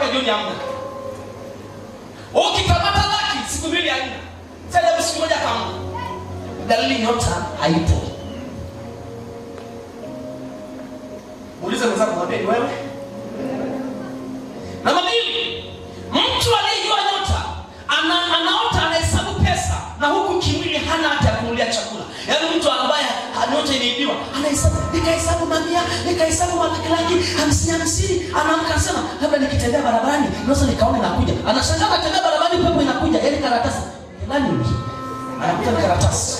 mpaka jioni hamna. Ukikamata laki siku mbili haina tena, siku moja kama dalili nyota haipo. Muulize mwenzako, mwambie wewe. Namba mbili, mtu aliyejua nyota ana, anaota anahesabu pesa na huku kimwili hana hata ya kumulia chakula. Yaani mtu ambaye nyota imeibiwa anahesabu, nikahesabu mamia, nikahesabu laki hamsini hamsini, anaamka sema nikitembea barabarani naweza nikaona inakuja. anashanga natembea barabarani pepo inakuja. Yaani karatasi. Nani mimi? Anakuta ni karatasi.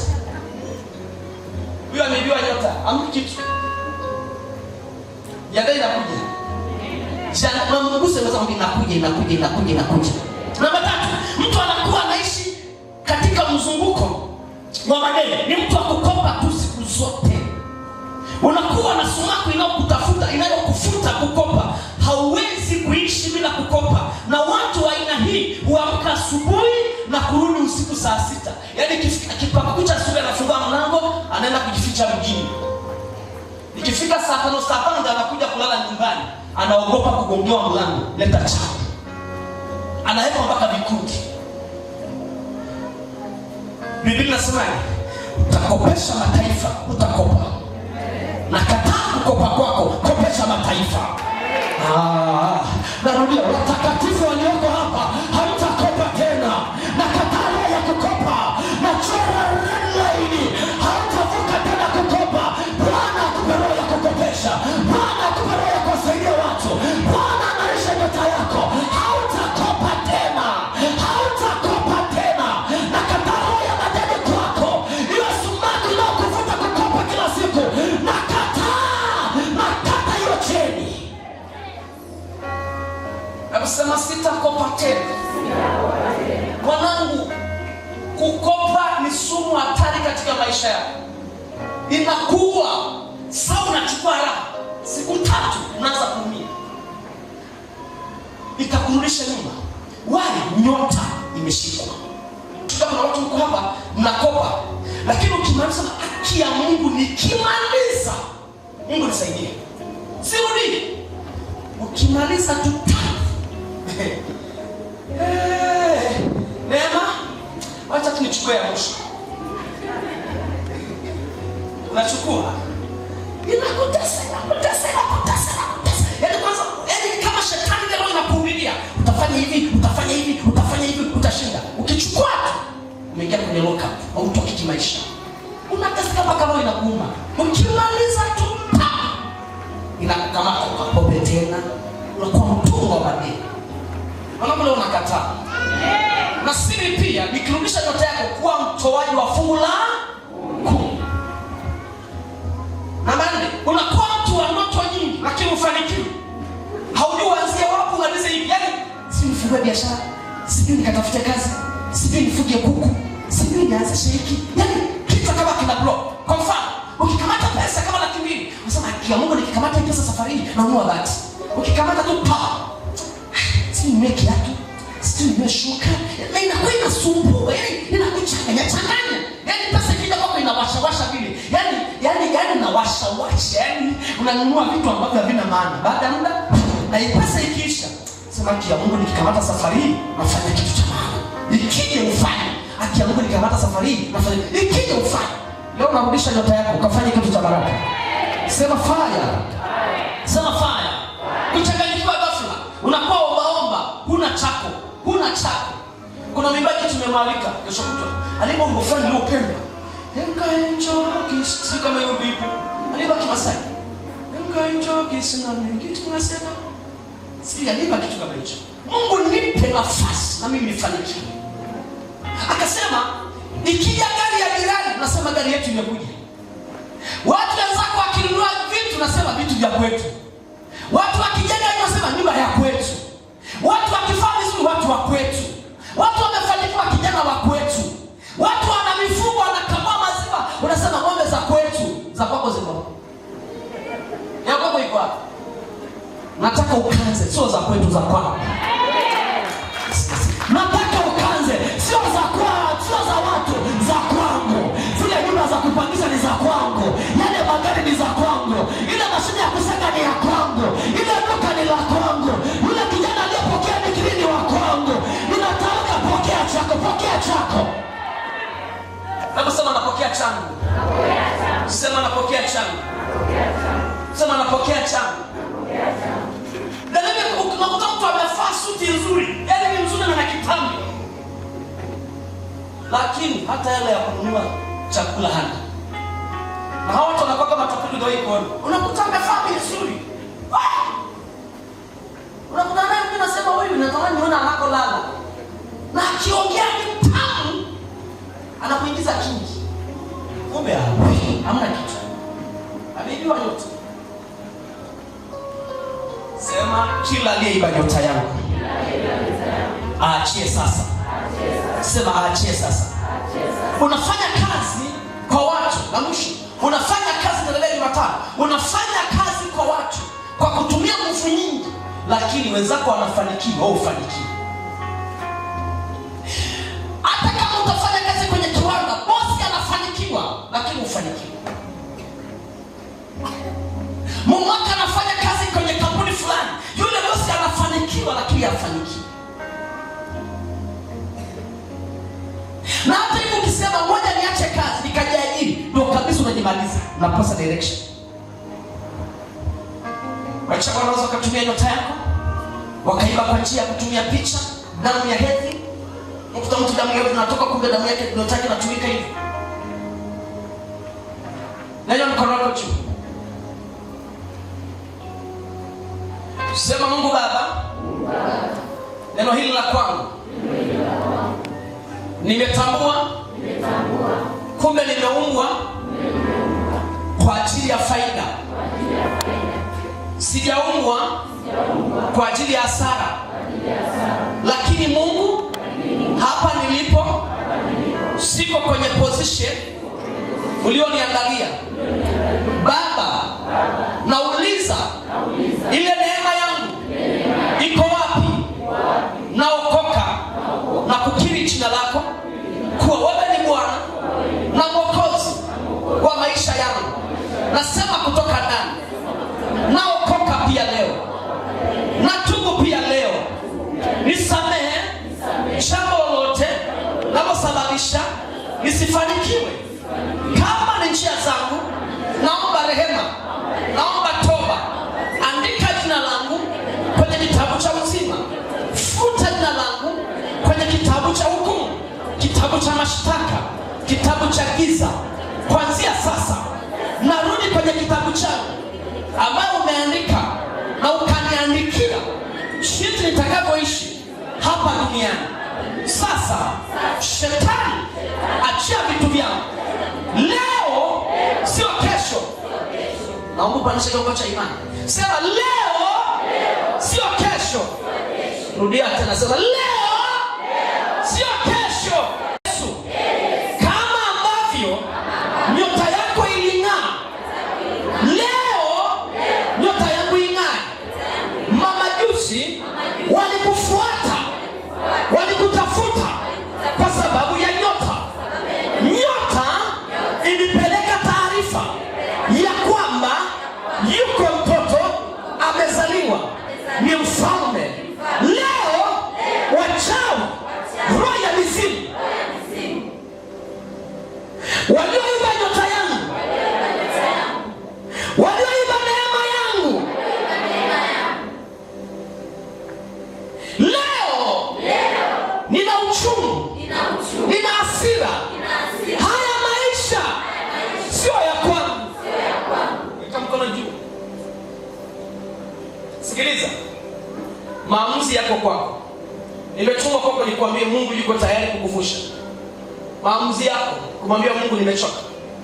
Huyo amejua nyota. amu kitu. yaga inakuja. Jana kuna mguse anaweza kumwambia inakuja inakuja inakuja inakuja. Namba tatu, mtu anakuwa anaishi katika mzunguko wa madeni. Ni mtu wa kukopa tu siku zote. Unakuwa na sumaku inayokutafuta inayokufuta kukopa. Hauwezi kuishi bila kukopa, na watu wa aina hii huamka asubuhi na kurudi usiku saa sita. Yaani akipakakucha asubuhi anafungua mlango anaenda kujificha mjini, ikifika saa tano saa tano ndiyo anakuja kulala nyumbani, anaogopa kugongewa mlango, leta chao, anawekwa mpaka vikundi. bibili nasemai utakopesha mataifa, utakopa. kataa kukopa kwako, kopesha mataifa. Ah. watakatifu walio akasema sitakopa tena. Mwanangu, kukopa ni sumu hatari katika maisha yako. Inakuwa saa unachukua raha, siku tatu unaanza kuumia, itakurudisha nyuma. wali nyota imeshikwa. Kuna watu mko hapa mnakopa, lakini ukimaliza haki ya Mungu nikimaliza, Mungu nisaidie, sirudi. Ukimaliza tu Neema, wacha tu nichukue ya mwisho. Unachukua bila kuteseka, kuteseka, kuteseka, kuteseka. Yaani kwanza, yaani kama shetani ndio anakuhubiria, utafanya hivi, utafanya hivi, utafanya hivi, utashinda. Ukichukua tu umeingia kwenye loka au utoki kimaisha. Unateseka mpaka roho inakuuma. Ukimaliza tu inakukamata ukakope tena. Unakuwa mtumwa wa madeni. Mwanangu leo unakataa. Na siri pia nikirudisha nyota yako kuwa mtoaji wa fungu la Namba nne, unakuwa mtu wa ndoto nyingi lakini Haujui hivi. Yaani si nifungue biashara, sijui nikatafute kazi, sijui nifuge kuku, sijui nianze shiriki. Yaani kichwa kama kina block. Kwa mfano, ukikamata pesa kama laki mbili, unasema Mungu nikikamata pesa safari hii na bati. Ukikamata tu pa si ujue kiatu, si ujue shuka, na inakuwa inasumbua, yani inakuchanganya changanya, yani pesa kidogo inawashawasha vile, yani yani yani nawashawasha, yani unanunua vitu ambavyo havina maana. Baada ya muda na ipesa ikiisha, sema kia Mungu nikikamata safari hii nafanya kitu cha maana, ikija ufanye akia Mungu nikikamata safari hii nafanya, ikija ufanye leo, unarudisha nyota yako ukafanya kitu cha baraka. Sema fire, sema fire, kuchanganyikiwa ghafla unakuwa huna chako, huna chako. Kuna mibaki tumemwalika kesho kutwa, aliimba wimbo fulani niliopenda, si kama hiyo bibi aliimba Kimasai, sina kitu tunasema, si aliimba kitu kama hicho. Mungu nipe nafasi na mimi nifanikiwe. Akasema nikija gari ya jirani, tunasema gari yetu imekuja. Watu wenzako wakinunua vitu, nasema vitu vya kwetu. Watu wakijenga, nasema nyumba ya kwetu. Watu wakifaa vizuri, watu wa kwetu, watu wamefanikiwa, kijana wa kwetu, watu wana mifugo, wanakamua maziwa. Unasema ng'ombe za kwetu, za kwako ziko ya iko Nataka ukaze, sio za kwetu, za kwako changu. Sema napokea changu. Sema napokea changu. Dalili unakuta mtu amevaa suti nzuri, yaani ni mzuri na kitambi. Lakini hata yale ya kununua chakula hana. Na hawa watu wanakuwa kama tapili ndio iko. Unakuta amevaa vizuri. Unakuta naye mtu anasema wewe niona uone lala Imba nyota yangu, aachie sasa. Sema aachie sasa. Unafanya kazi kwa watu na mwisho, unafanya kazi na leo Jumatano, unafanya kazi kwa watu kwa kutumia nguvu nyingi, lakini wenzako wanafanikiwa, au ufanikiwa Hata kama utafanya kazi kwenye kiwanda, bosi anafanikiwa, lakini ufanikiwa ili afanikiwe. Na hata hivi ukisema moja niache kazi nikajiajiri, ndio kabisa unajimaliza, unakosa direction. Maisha wanaweza wakatumia nyota yako, wakaiba kwa njia ya kutumia picha, damu ya hedhi. Ukuta mtu damu yake inatoka, kumbe damu yake nyota yake inatumika hivi. nayo mkono wako juu, sema Mungu Baba Neno hili la kwangu nimetambua, kumbe nimeumbwa kwa ajili ya faida, sijaumbwa kwa ajili ya hasara. lako, kuwa wewe ni Bwana na Mwokozi wa maisha yangu. Nasema kutoka ndani, naokoka pia leo, natubu pia leo, nisamehe jambo lolote linalosababisha nisifanikiwe, kama ni njia zangu cha mashtaka, kitabu cha giza. Kuanzia sasa narudi kwenye kitabu changu ambayo umeandika na ukaniandikia shinti nitakapoishi hapa duniani. Sasa shetani, achia vitu vyangu leo, sio kesho. Naomba upandishe kiwango cha imani, sema leo, sio kesho. Rudia tena, sema leo walikufuata sikiliza maamuzi yako kwako nimetumwa kwako nikwambie mungu yuko tayari kukuvusha maamuzi yako kumwambia mungu nimechoka